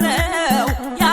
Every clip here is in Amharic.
I want to help.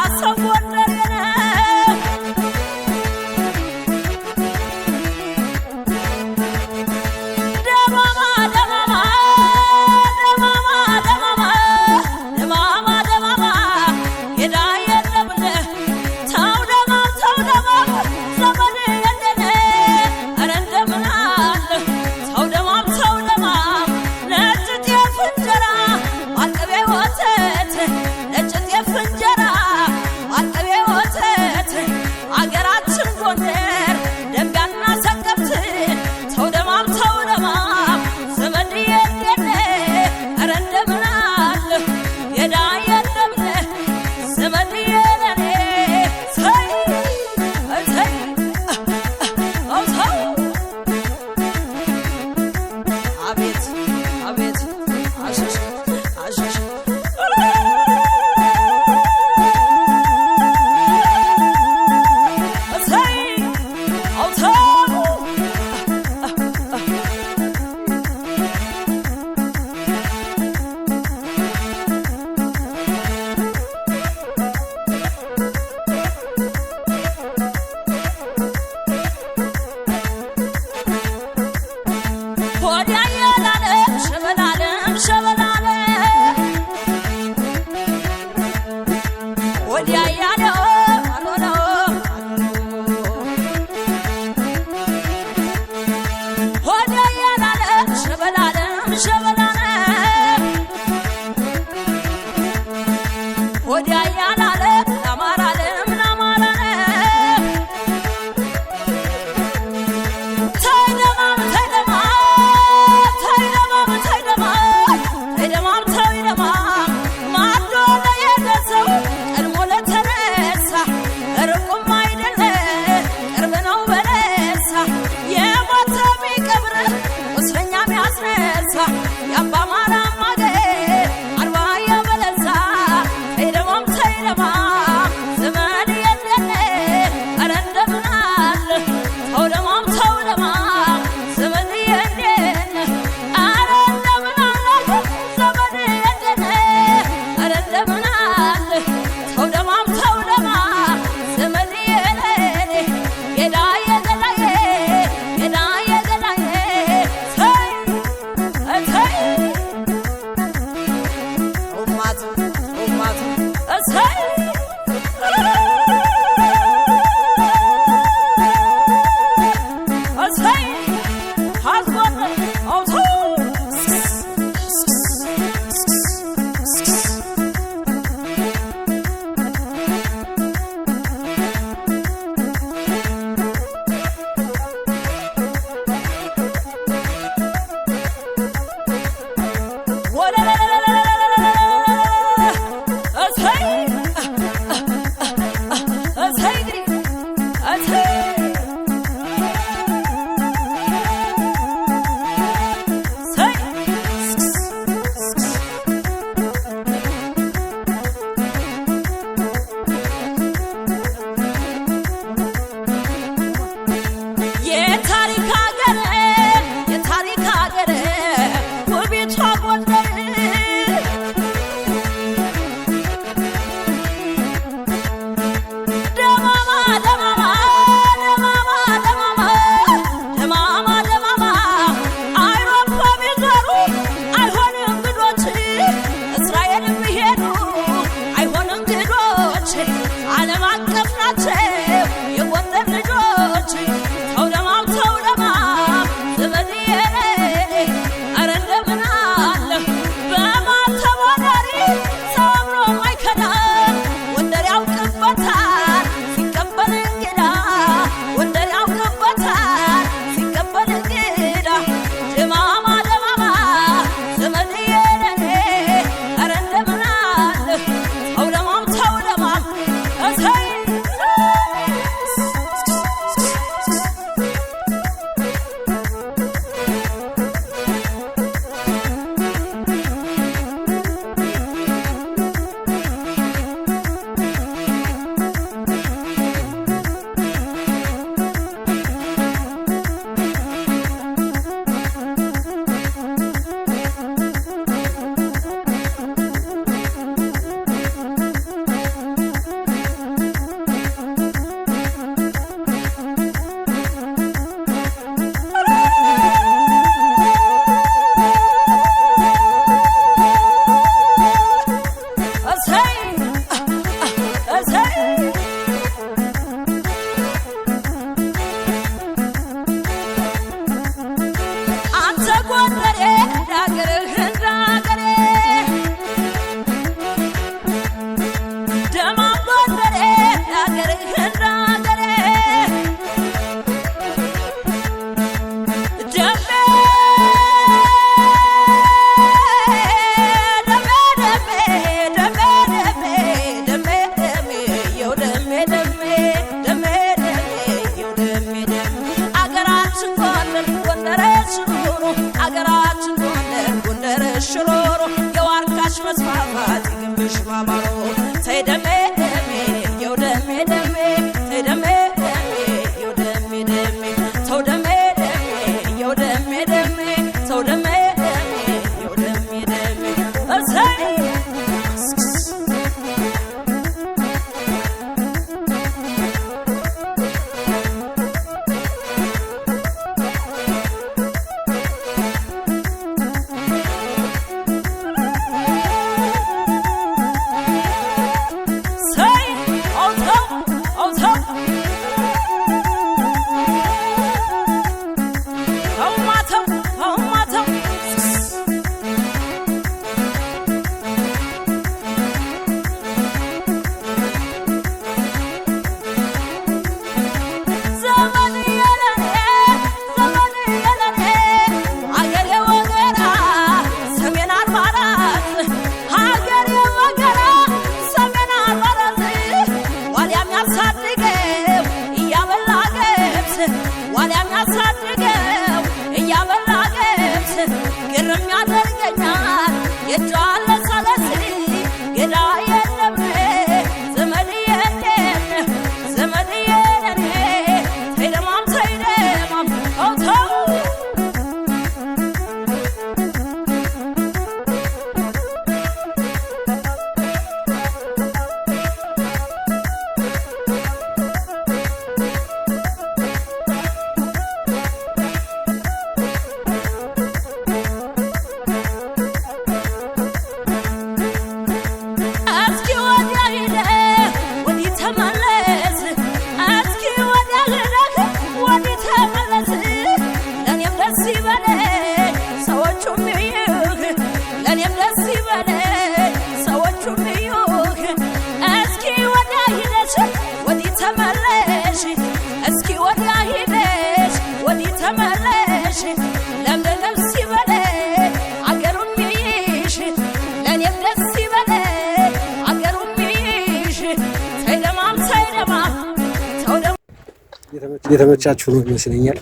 የተመቻችሁ ነው ይመስለኛል።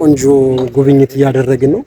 ቆንጆ ጉብኝት እያደረግን ነው።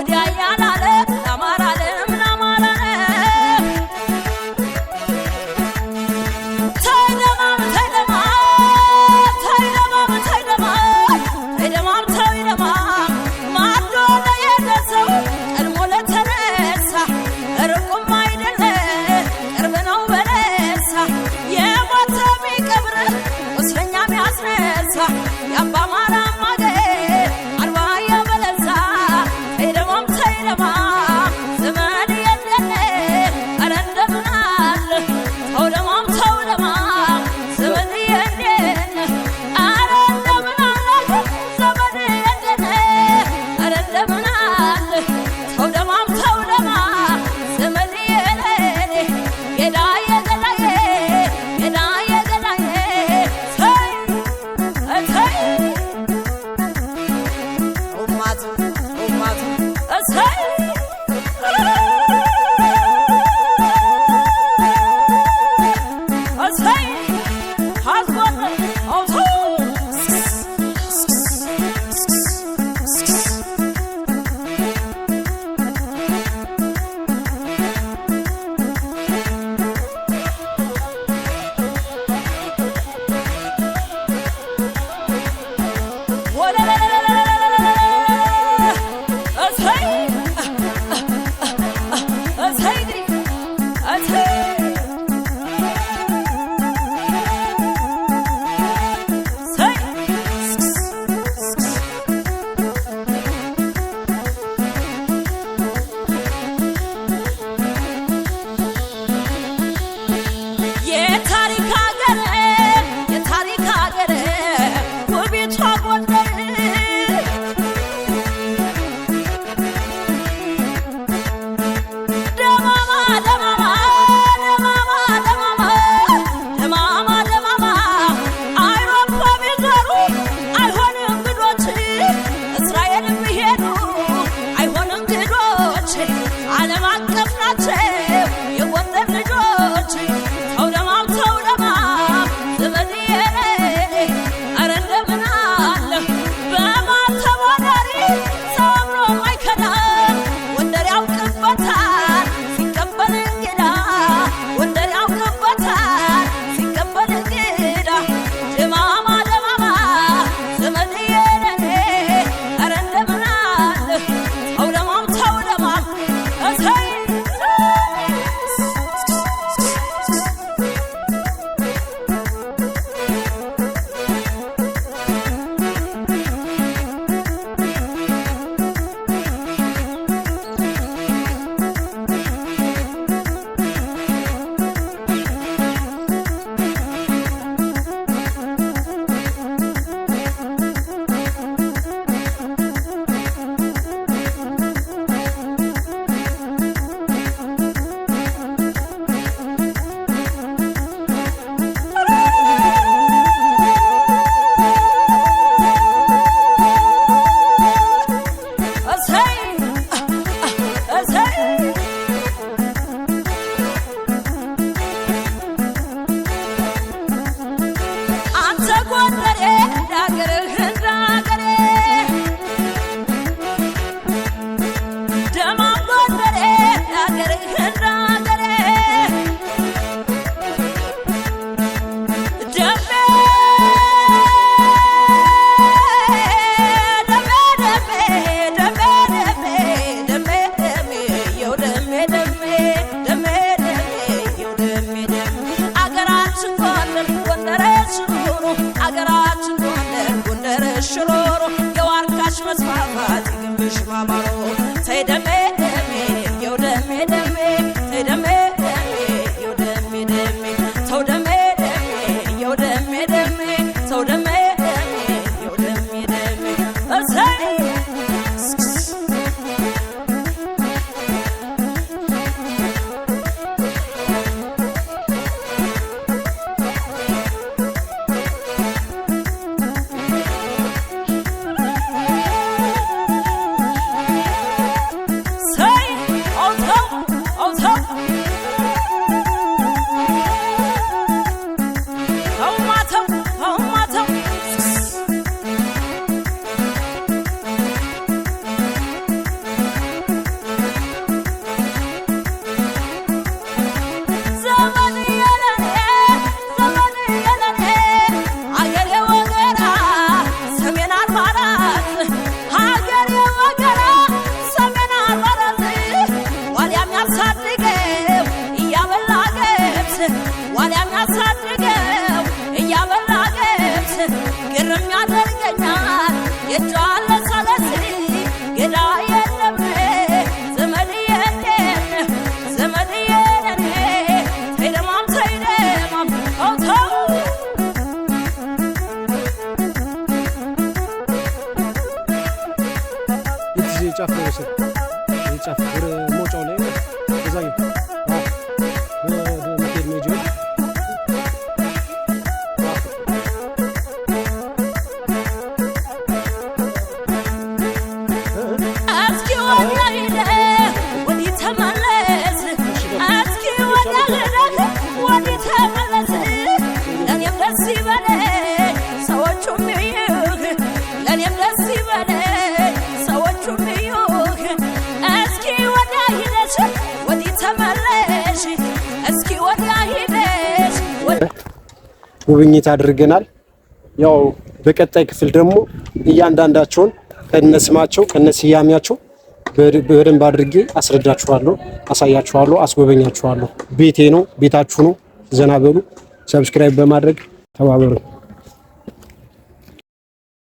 Oh, yeah. ጉብኝት አድርገናል። ያው በቀጣይ ክፍል ደግሞ እያንዳንዳቸውን ከነስማቸው ከነስያሜያቸው በደንብ አድርጌ አስረዳችኋለሁ፣ አሳያችኋለሁ፣ አስጎበኛችኋለሁ። ቤቴ ነው፣ ቤታችሁ ነው። ዘና በሉ። ሰብስክራይብ በማድረግ ተባበሩ።